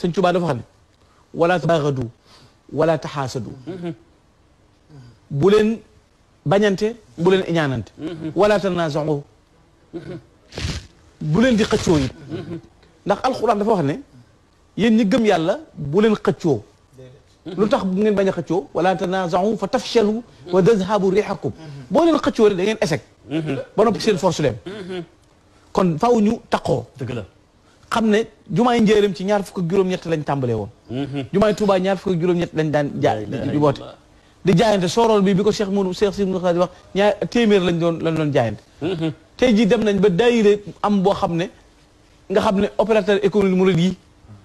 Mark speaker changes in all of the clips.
Speaker 1: sëñ Tuubaa dafa xam ne wala tabaagadu wala taxaasadu bu leen bañante bu leen iñaanante wala tanaasaxu bu leen di xëccoo it ndax alxuraan dafa wax ne yéen ñi gëm yàlla bu leen xëccoo lu tax bu ngeen bañ a xëccoo wala tanaasaxu fa tafshalu wa tadhabu riixakum boo leen xëccoo rek da ngeen échec ba noppi seen force dem kon faaw ñu taqoo xam ne jumaay njéeréem ci ñaar fukk ak juróom-ñett lañ tàmbalee woon mm-hmm. jumaay Touba ñaar fukk ak juróom-ñett lañ daan jaay di boote di jaayante soorool bi bi ko Cheikh Mourou Cheikh Sibou Khadi wax ñaar téeméer lañ doon lañ doon jaayante mm-hmm. tey jii dem nañ ba daayire am boo xam ne nga xam ne opérateur mu murid yi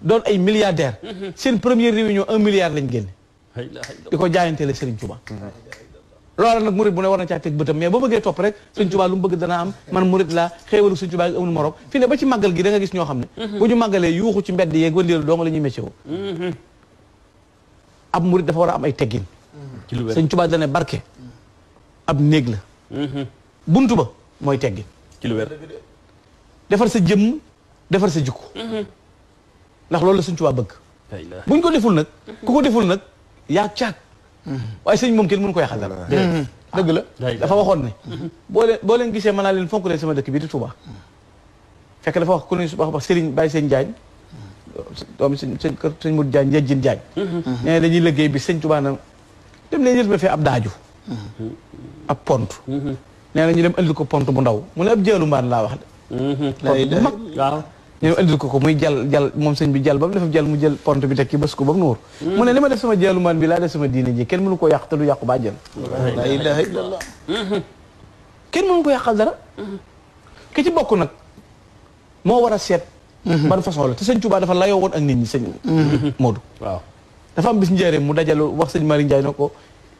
Speaker 1: doon ay milliardaire mm-hmm. seen première réunion un milliard lañ génne di ko jaayante la Serigne Touba loola nag murid bu ne war na caa teg mais boo bëggee topp rek Sëñ Tuubaa lu mu bëgg dana am man murid la xéewalu Sëñ Tuubaa amul morom fi ne ba ci màggal gi da nga gis ñoo xam ne mhm. bu ñu màggalee yuuxu ci mbedd mhm. dafa war a am ay teggin mhm. Sëñ Tuubaa dana barke ab néeg la bunt ba mooy teggin ci lu wér defar sa jëmm defar sa jikko ndax loolu la Sëñ Tuubaa bëgg buñ ko deful nag ku ko deful nag yaa caag waaye sëñ moom kenn mënu koy xadar hmm. dëgg la dafa waxoon ne hmm. boo leen boo leen gisee mën naa leen fonk leen sama dëkk bi di Touba fekk dafa wax ku ne wax wax Serigne Baye Sëñ Jaañ doomi sëñ sëñ kër sëñ Mut Jaañ yejjin Jaañ nee dañuy liggéey bi sëñ Touba na dem leen jël ma fi ab daaju hmm. ab pont nee na ñu dem andi ko pont bu ndaw mu ne ab jëlu mbaan laa wax de. lay mag ñoom indil ko ko muy jal jal moom sëñ bi jal ba mu jal mu jël pont bi tekki bës ko ba mu nuur mu ne li ma def sama jalumaan bi laa def sama diine ji kenn mënu ko yàq yàqu ba jël kenn ko yàqal dara ci bokk nag moo war a seet ban façon la te sëñ dafa layoo woon ak nit ñi sëñ Moodu waaw dafa am bis njëriñ mu dajalu wax sëñ Malick Ndiaye no ko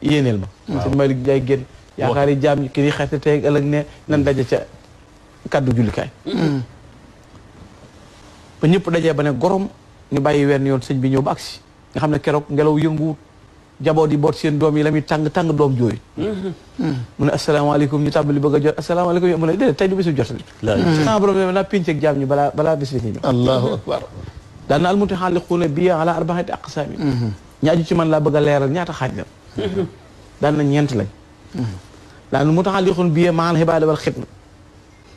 Speaker 1: yéeneel ma sëñ Malick Ndiaye génn yaakaar yi jaam yi ki di xerte tey ne nan daje ca kaddu jullikaay mm-hmm. ba ñëpp dajee ba ne gorom ñu bàyyi wenn yoon sëñ bi ñëw ba si nga xam ne keroog ngelaw yënguwut jaboot yi boot seen doom yi la mi tàng tàng doom jooyu mu ne asalaamaaleykum ñu tàmbali bëgg a jot asalaamaaleykum yo mu ne déedéet tey du bisu jot sans problème naa pinceeg jaam ñi balaa balaa bi ni ñëw allahu akbar daan na almutaxaaliquuna bi ala arbaati aqsaami ñi aju ci man laa bëgg a leeral ñaata xaaj la daan na ñeent lañ daan na mutaxaaliquun bi maal xibaada wal xidma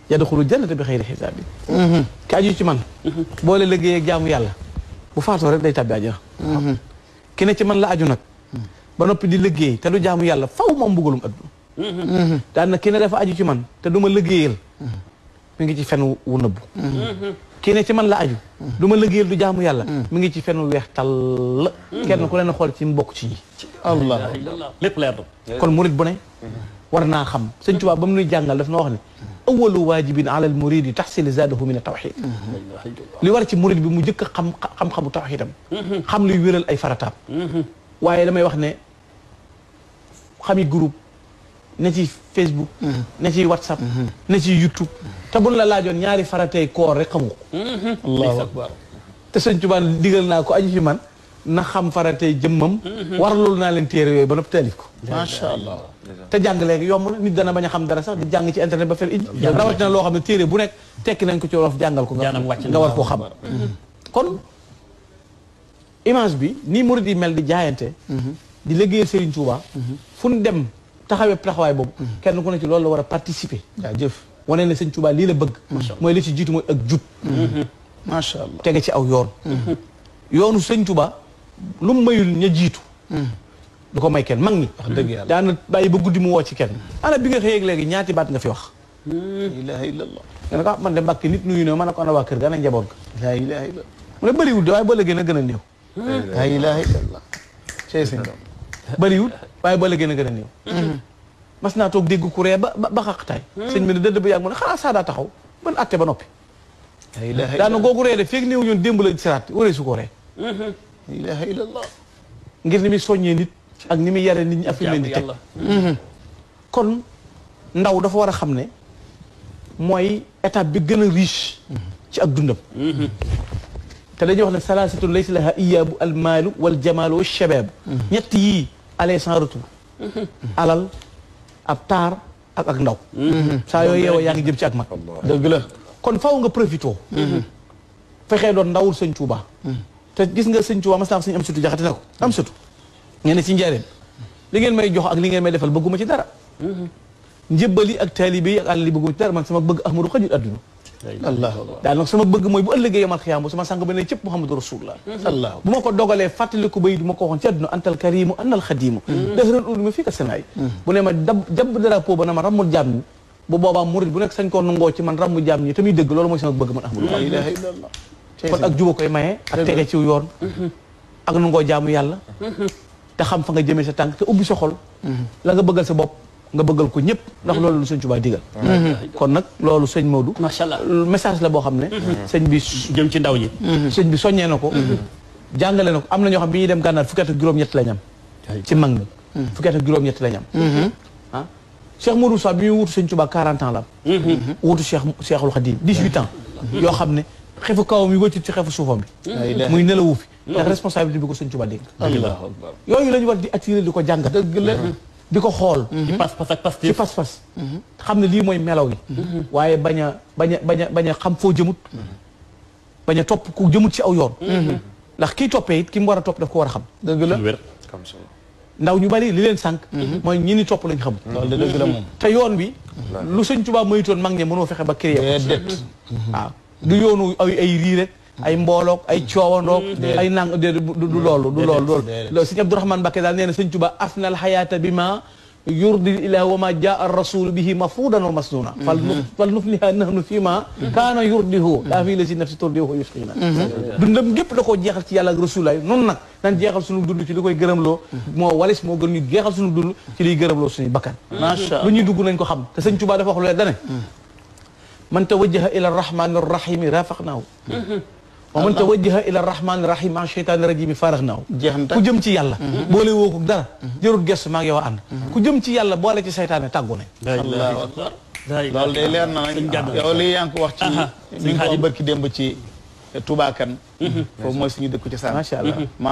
Speaker 1: yadxulu jannata bi xëyri xisaab bi mm-hmm. ki aju ci man mm-hmm. boole liggéey ak jaamu yàlla bu faatoo rek day tàbbi àjjana mm-hmm. ki ne ci man la aju nag ba noppi di liggéey te du yàlla faw moom mbugalum addu daan na ki ne dafa aju ci man te duma ma liggéeyal ngi ci fen wu nëbbu kii ne ci man la aju du ma liggéeyal du jaamu yàlla mi ngi ci fen wu weex tall kenn ku leen xool ci mu bokk ci ñi kon murit bu ورنا خم سنجوا بمنو جانغال دفنا وخني اول واجب على المريد تحصيل زاده من التوحيد لي وارتي مريد بي مو خم خم خم توحيدم خم لي ويرال اي فراتا وايي لاماي وخني خامي جروب نتي فيسبوك نتي واتساب نتي يوتيوب تبون بون لا لاجون نياري فراتاي كور رك الله اكبر تا سنجوا ديغال نكو na xam faratey jëmmam. Mhm. loolu naa leen téere yooyu ba noppi taalif ko. macha allah te jàng léegi yomb na nit dana bañ a xam dara sax di jàng ci internet ba fel ij rawatina loo xam ne téere bu nekk tekki nañ ko ci wolof jàngal ko. nga war koo xam mhm. kon image bi nii murid mel di jaayante. Mhm. di liggéeyal Serigne Touba. fu ñu dem taxawee taxawaay boobu. kenn ku ne ci loolu la war a participer. jaajëf wane ne sëñ Touba lii la bëgg. mooy li ci jiitu mooy ak jub. macha allah tege ci aw yoon. yoonu Serigne Touba. lu mu mayul ña jiitu. Hmm. du ko may kenn mag ñi. wax dëgg yàlla daana bàyyi ba guddi mu woo ci kenn. ana bi nga xëyeeg léegi ñaati baat nga fi wax. laa ilaaha illallah. nga ne ah, man de mbàkk nit nuyu ma ne ko waa kër ga ana njaboot ga. laa ilaaha illallah. mu ne bëriwul de waaye boo la na gën a néew. laa waaye boo léegi gën a néew. Hmm. mas naa toog dégg ku ree ba ba xaqtaay. Hmm. sëñ bi ne dëdd ba yàgg mu ne xanaa saa daa taxaw ban atte ba noppi. laa ilaaha illallah daana googu ree de feeg néew ñoon démb la siraat waree su ko ree ilaha illallah ngir ni muy soññee nit ak ni muy yare nit ñi ak fi mu leen di teg kon ndaw dafa war a xam ne mooy étape bi gën a riche ci ak dundam te dañuy wax ne salaasatun laysa laha iyaabu almaalu wal jamaalu wa shabaab ñett yii aller sans retour alal ab taar ak ak ndaw saa yooyu yeewoo yaa ngi jëm ci ak mag dëgg la kon faw nga profité fexee doon ndawul sëñ Tuubaa te gis nga sëñ Tuubaa mas naa am sëñ am sutu jaxate na ko am sutu ngeen ne ci njaareem li ngeen may jox ak li ngeen may defal bëgguma ci dara njëbbal ak taalibe ak ci dara man sama bëgg ahmadu xajul adduna allah daal nag sama bëgg mooy bu ëllëgee yamal xiyaam bu sama sàng ba ne cëpp muhammadu rasulullah bu ma ko dogalee fàttaliku bay du ma ko waxoon ci àdduna antal karimu annal xadimu dëxëran uluma fii ka ba na ma rammul jaam ñi bu boobaa murid bu nekk sañ koo nangoo ci man rammu jaam ñi tamit dëgg loolu mooy sama bëgg kon ak juba koy maye ak tege ci yoon mm-hmm. ak nangoo jaamu yàlla mm-hmm. te xam fa nga jëmee sa tànk te ubbi sa xol mm-hmm. la nga bëggal sa bopp nga bëggal ko ñëpp ndax loolu lu sëñ Tuubaa digal kon nag loolu sëñ Maodo macha allah la boo xam ne sëñ bi jëm ci ndaw ñi sëñ bi soññee na ko jàngale na ko am na bi ñuy dem gànnaar fukki at ak juróom ci mag mi fukki at ak juróom-ñett lañ am ah bi ñuy wutu sëñ Tuubaa 40 ans la wutu Cheikh Cheikhul Khadim 18 ans yoo xam ne xefu kawam yi wëccul ci xefu suufam bi muy nelawu fi ndax responsabilité bi ko sëñ Tuubaa dénk yooyu la ñu war di attiré di ko jàngat dëgg la mm-hmm. di ko xool mm-hmm. ci pas-pas ak pas ci pas-pas mm-hmm. xam ne lii mooy melaw yi waaye bañ baña baña bañ a xam foo jëmut bañ topp ku jëmut ci aw yoon ndax kii toppee it ki mu war a topp daf ko war a xam dëgg la ndaw ñu bari li leen sànq mooy ñu ni topp lañ xamul dëgg la moom te yoon bi lu sëñ Tuubaa moytoon mag ñe mënoo fexe ba créer waaw du yoonu ay ay rii ay mbooloog ay coowandoog mm-hmm. ay nang de du loolu du loolu si sëñ Abdourahmane Mbacké daal nee na sëñ Tuba afna al xayaata bi ma yurdi ilah wa ma jaa ar rasul bihi mafrudan wa masnuna mm-hmm. fal fal nufliha nahnu fi ma mm-hmm. kaana yurdihu daa fii la si nafsi turdihu yusqina dundam gépp da koo jeexal ci yàlla ak rasulaay noonu nag nan jeexal sunu dund ci li koy gërëm loo moo walis moo gën ñu jeexal sunu dund ci liy gërëmloo suñuy bakkan macha allah ñuy dugg nañ ko xam te sëñ Tuba dafa wax lu man tawajjaha ila arrahmani arrahimi rafaqnaahu wa man tawajjaha ila arrahmani rahim ma sheytaani rajimi faaraxnaahu ku jëm ci yàlla mhm. boole woo ko dara mhm. jërul gestu maa ngi yow a ànd mhm. ku jëm ci yàlla boole ci seytaane tàggu ne allahu akbar loolu day leer na nag yow li yaa ngi ko wax ci ni nga ko bërki démb ci Touba Kane foofu mooy suñu dëkku ci saan macha allah